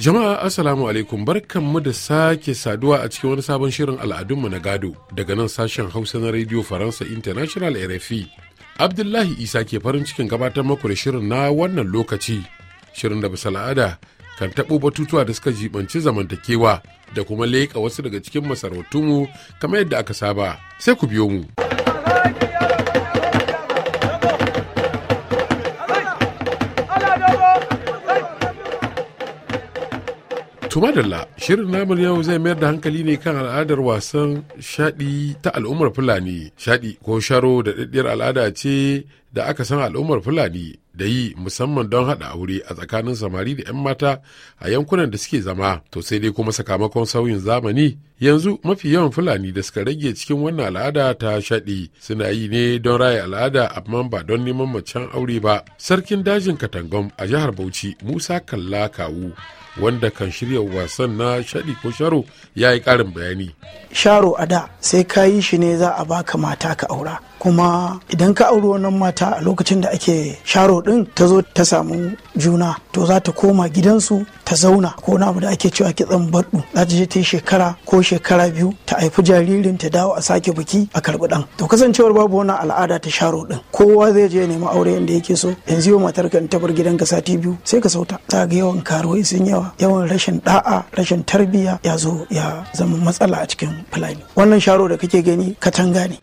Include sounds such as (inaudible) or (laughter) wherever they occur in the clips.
Jama'a Assalamu alaikum mu da sake saduwa a cikin wani sabon shirin al'adunmu na gado daga nan sashen Hausa na Radio Faransa International RFI. Abdullahi Isa ke farin cikin gabatar muku da shirin na wannan lokaci. Shirin da bisa al'ada kan taɓo batutuwa da suka jibanci zamantakewa da kuma leƙa wasu daga cikin masarautunmu kamar yadda aka saba. Sai ku biyo mu. To la shirin namun yau zai mayar da hankali ne kan al'adar wasan shaɗi ta al'ummar Fulani. Shaɗi ko sharo da ɗaɗɗiyar al'ada ce da aka san al'ummar Fulani da yi musamman don haɗa aure a tsakanin samari da 'yan mata a yankunan da suke zama to sai dai kuma sakamakon sauyin zamani yanzu mafi yawan fulani da suka rage cikin wannan al'ada ta shaɗi suna yi ne don raya al'ada amma ba don neman macen aure ba sarkin dajin katangom a jihar bauchi musa kalla kawu wanda kan shirya wasan na shaɗi ko sharo ya yi ƙarin bayani sharo a da sai ka yi shi ne za a baka mata ka aura kuma idan ka auri wannan mata a lokacin da ake sharo din ta zo ta samu juna to za ta koma gidansu ta zauna ko na abu da ake cewa kitsan baddu za ta je ta yi shekara ko shekara biyu ta haifi jaririn ta dawo a sake biki a karbi ɗan to kasancewar babu wannan al'ada ta sharo din kowa zai je nemi aure inda yake so yanzu yau matar ka ta bar gidan ka sati biyu sai ka sauta ta ga yawan karuwai sun yawa yawan rashin da'a rashin tarbiyya ya zo ya zama matsala a cikin fulani wannan sharo da kake gani katanga ne.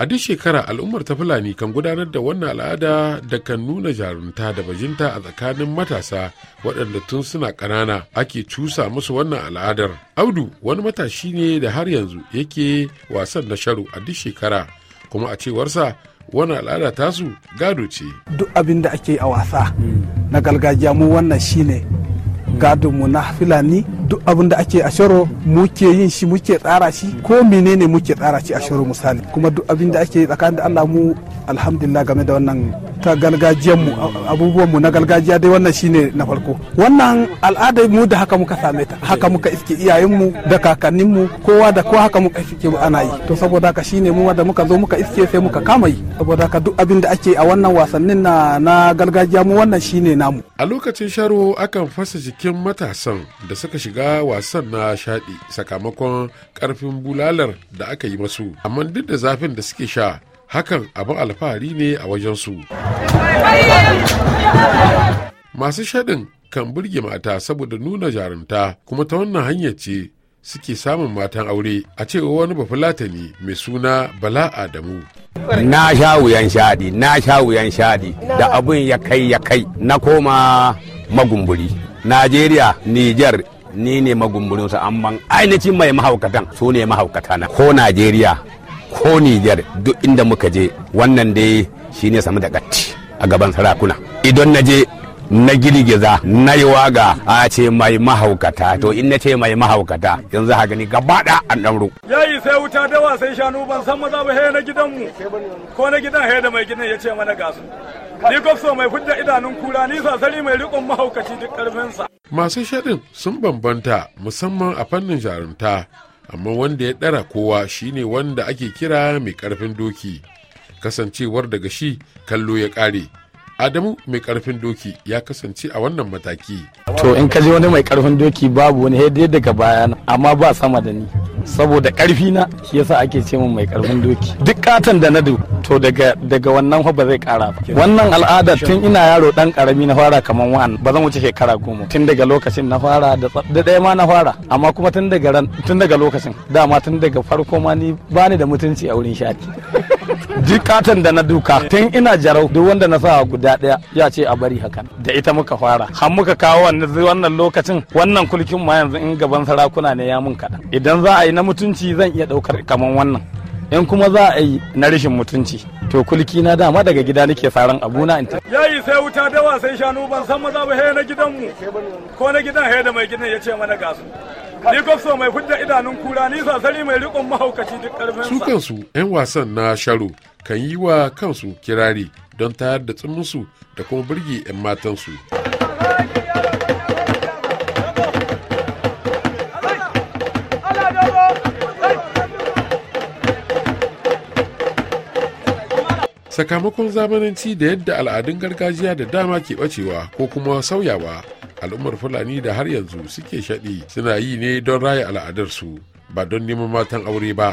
a duk shekara al'ummar ta fulani kan gudanar da wannan al'ada da kan nuna jarunta da bajinta a tsakanin matasa waɗanda tun suna ƙanana ake cusa musu wannan al'adar audu wani matashi ne da har yanzu yake wasan na sharo a duk shekara kuma a cewarsa wannan al'ada tasu gado ce duk abin da ake a wasa na gargajiya mu wannan shine gadon mu na filani duk abin da ake a sharo muke yin shi muke tsara shi ko menene muke tsara shi a misali kuma duk abin da ake tsakanin da Allah mu alhamdulillah game da wannan ta abubuwan abubuwanmu na gargajiya dai wannan shine na farko wannan al'adar mu da haka muka same ta haka muka iske iyayenmu da kakanninmu kowa da kowa haka muka iske ana yi to saboda haka shine mu da muka zo muka iske sai muka kama yi saboda haka duk abin da ake a wannan wasannin na na gargajiya mu wannan shine namu a lokacin sharo akan fasa jikin matasan da suka shiga wasan na shaɗi sakamakon karfin bulalar da aka yi masu amma duk da zafin da suke sha hakan abin alfahari ne a wajen su. masu shaɗin kan burge mata saboda nuna jarumta kuma ta wannan hanyar ce suke samun matan aure a cewa wani bafulatani mai suna bala adamu na sha wuyan shaɗi na sha wuyan shaɗi da abin ya kai ya kai na koma magumburi najeriya nijar ni ne magumburinsu amma ainihin mai mahaukatan su ne mahaukatana ko najeriya ko Nijar duk inda muka je wannan dai shi ne samu da gatti a gaban sarakuna idan na je na girgiza na yi waga a ce mai mahaukata to in na ce mai mahaukata yanzu ha gani gaba da an ɗauro. yayi sai wuta da wasan shanu ban san maza ba na gidanmu ko na gidan he da mai gidan ya ce mana gasu ni gwamso mai fudda idanun kura ni sasari mai rikon mahaukaci duk karfinsa. masu shaɗin sun bambanta musamman a fannin jarumta amma wanda ya ɗara kowa shine wanda ake kira mai ƙarfin doki kasancewar daga shi kallo ya ƙare adamu mai ƙarfin doki ya kasance a wannan mataki to in ka je wani mai ƙarfin doki babu wani yadda daga baya amma ba sama da ni saboda ƙarfi na shi yasa ake ce mai ƙarfin doki duk katon da na to daga wannan ba zai kara ba wannan al'adar tun ina yaro dan karami na fara kaman wa'an ba zan wuce shekara goma tun daga lokacin na fara da ɗaya ma na fara amma kuma tun daga lokacin dama tun daga farko ma ni bani da mutunci a wurin shati (laughs) duk katon da na duka tun ina jarau duk wanda na sa guda daya ya ce a bari hakan da ita muka fara har muka kawo wannan lokacin wannan kulkin ma yanzu in gaban sarakuna ne ya mun kaɗan idan za a yi na mutunci zan iya ɗaukar kaman wannan in kuma za a yi na rashin mutunci to kulki na dama daga gida nake saran abuna in yayi sai wuta da wasan shanu ban san maza ba na gidanmu ko na gidan hayar da mai gidan ya ce mana gasu ni gwamso mai hudda idanun kura ni sasari mai rikon mahaukaci duk karfin su kansu yan wasan na sharo kan yi wa kansu kirari don tayar da su da kuma birge yan matansu sakamakon zamananci da yadda al'adun gargajiya da dama ke bacewa ko kuma sauyawa al'ummar fulani da har yanzu suke shaɗi suna yi ne don raya al'adarsu ba don neman matan aure ba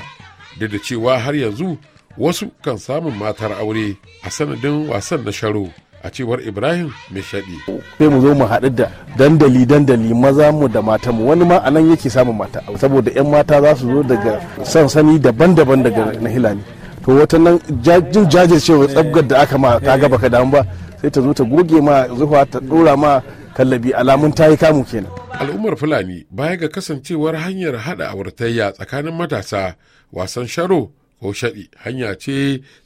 duk da cewa har yanzu wasu kan samun matar aure a sanadin wasan na sharo a cewar ibrahim mai shaɗi sai mu zo mu haɗu da dandali dandali maza mu da mata mu wani ma anan yake samun mata saboda 'yan mata za su zo daga sansani daban-daban daga na hilali to wata nan jin jajircewa eh. tsabgar da aka ma ta gaba eh. ka damu ba sai ta zo ta goge ma zuwa ta dora ma kallabi alamun ta yi kamu kenan al'ummar fulani baya ga kasancewar hanyar hada auratayya tsakanin matasa wasan sharo ko shaɗi hanya ce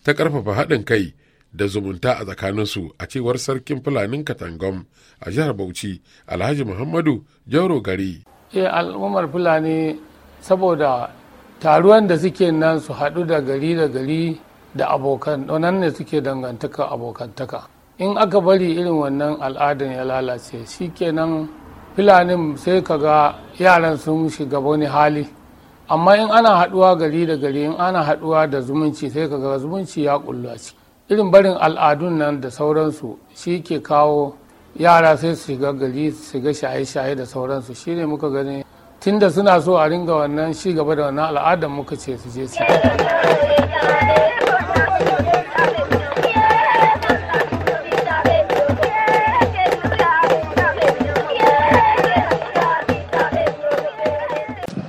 ta ƙarfafa haɗin kai da zumunta a tsakaninsu a cewar sarkin fulanin katangom a jihar bauchi alhaji muhammadu jauro gari eh, al'ummar fulani saboda taruwan da suke nan su haɗu da gari da gari da abokan nan ne suke dangantaka abokantaka in aka bari irin wannan al'adar ya lalace shikenan filanin sai ka ga yaran sun shiga wani hali amma in ana haɗuwa gari da gari in ana haɗuwa da zumunci sai ka ga zumunci ya ƙulla ciki irin barin al'adun nan da sauransu shi ke kawo yara sai su shiga gari su shiga shaye-shaye da sauransu shi ne muka gani tunda suna so a ringa wannan shi gaba da wannan al'adar muka ce su je su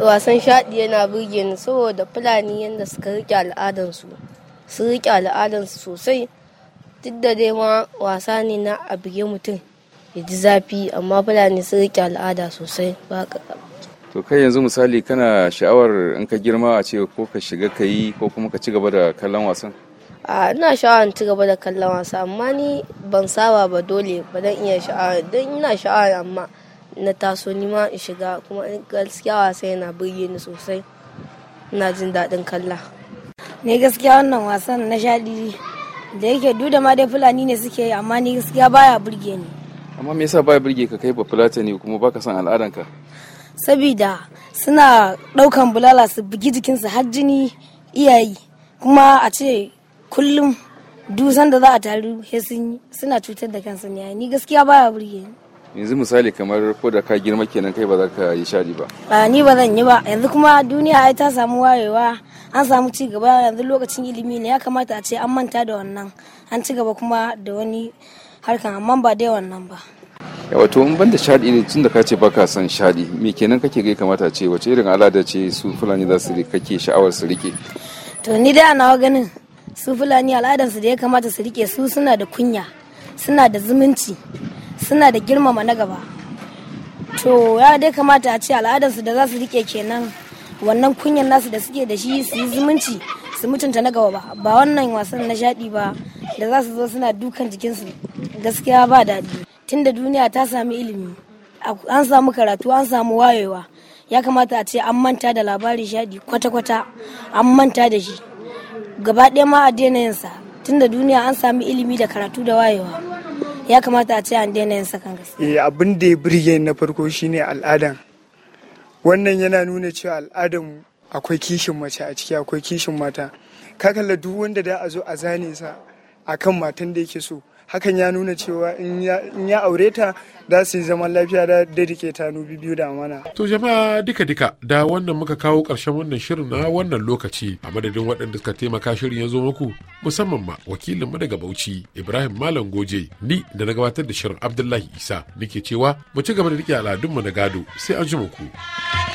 wasan shaɗi yana burge ni saboda fulani yadda suka riƙe al'adansu su riƙe al'adansu sosai duk da dai ma wasa ne na a buge mutum ya ji zafi amma fulani su riƙe al'ada sosai ba to kai yanzu misali kana sha'awar in ka girma a ce ko ka shiga ka yi ko kuma ka ci gaba da kallon wasan a ina sha'awar ci gaba da kallon wasa amma ni ban saba ba dole ba dan iya sha'awa dan ina sha'awa amma na taso ni ma in shiga kuma gaskiya wasa yana burge ni sosai ina jin daɗin kalla ne gaskiya wannan wasan na shaɗi da yake duk da ma dai fulani ne suke yi amma ni gaskiya baya burge ni amma me yasa baya burge ka kai ba fulata ne kuma baka son al'adanka saboda suna ɗaukan bulala su bugi jikinsu har jini iyayi kuma a ce kullum dusan da za a taru sun suna cutar da kansu ne ni gaskiya baya burge yanzu misali kamar ko da ka girma kenan kai ba za ka yi shaɗi ba a ni ba zan yi ba yanzu kuma duniya ai ta samu wayewa an samu ci gaba yanzu lokacin ilimi ne ya kamata a ce an manta da wannan an ci gaba kuma da wani harkan amma ba dai wannan ba wato in banda shaɗi ne tun da ka ce baka son shaɗi me kenan kake gai kamata ce wace irin al'ada ce su fulani za su kake sha'awar su rike to ni da nawa ganin su fulani su da ya kamata su rike su suna da kunya suna da zumunci suna da girmama na gaba to ya dai kamata a ce su da za su rike kenan wannan kunyan nasu da suke da shi su yi zumunci su mutunta na gaba ba ba wannan wasan na shaɗi ba da za su zo suna dukan jikinsu gaskiya ba daɗi tun da duniya ta sami ilimi an samu karatu an samu wayewa ya kamata a ce an manta da labarin shadi kwata-kwata an manta da shi gaba ɗaya ma a daina yinsa da duniya an sami ilimi da karatu da wayewa ya kamata a ce an daina yinsa kan gaske. Eh, abin da ya birge na farko shine al'adan wannan yana nuna cewa al'adan akwai kishin mace a ciki akwai kishin mata ka kalla duk wanda da a zo a zane sa akan matan da yake so hakan ya nuna cewa in ya aure ta za su zaman lafiya da dadike ta nubi biyu da mana. To jama'a duka duka da wannan muka kawo ƙarshen wannan shirin na wannan lokaci a madadin waɗanda suka taimaka shirin ya zo muku musamman ma wakilin mu daga Bauchi Ibrahim Malam Goje ni da na gabatar da shirin Abdullahi Isa nake cewa mu ci gaba da rike al'adunmu na gado sai an ji muku.